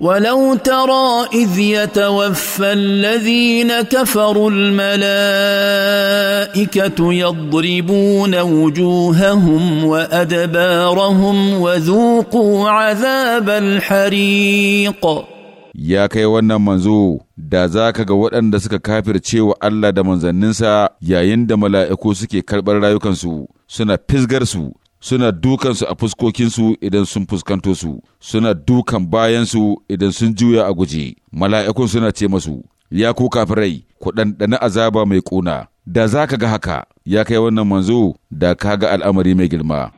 ولو ترى اذ يتوفى الذين كفروا الملائكه يضربون وجوههم وادبارهم وذوقوا عذاب الحريق ya kai wannan manzo da za ka ga waɗanda suka kafirce wa Allah da manzanninsa yayin da mala'iku suke karɓar rayukansu suna fisgarsu. suna dukansu a fuskokinsu idan sun fuskanto su, suna dukan bayansu idan sun juya a guje, mala'ikun suna ce masu, ya ku kafirai, ku ɗanɗana azaba mai ƙuna, da za ka ga haka, ya kai wannan manzo, da ka ga al'amari mai girma.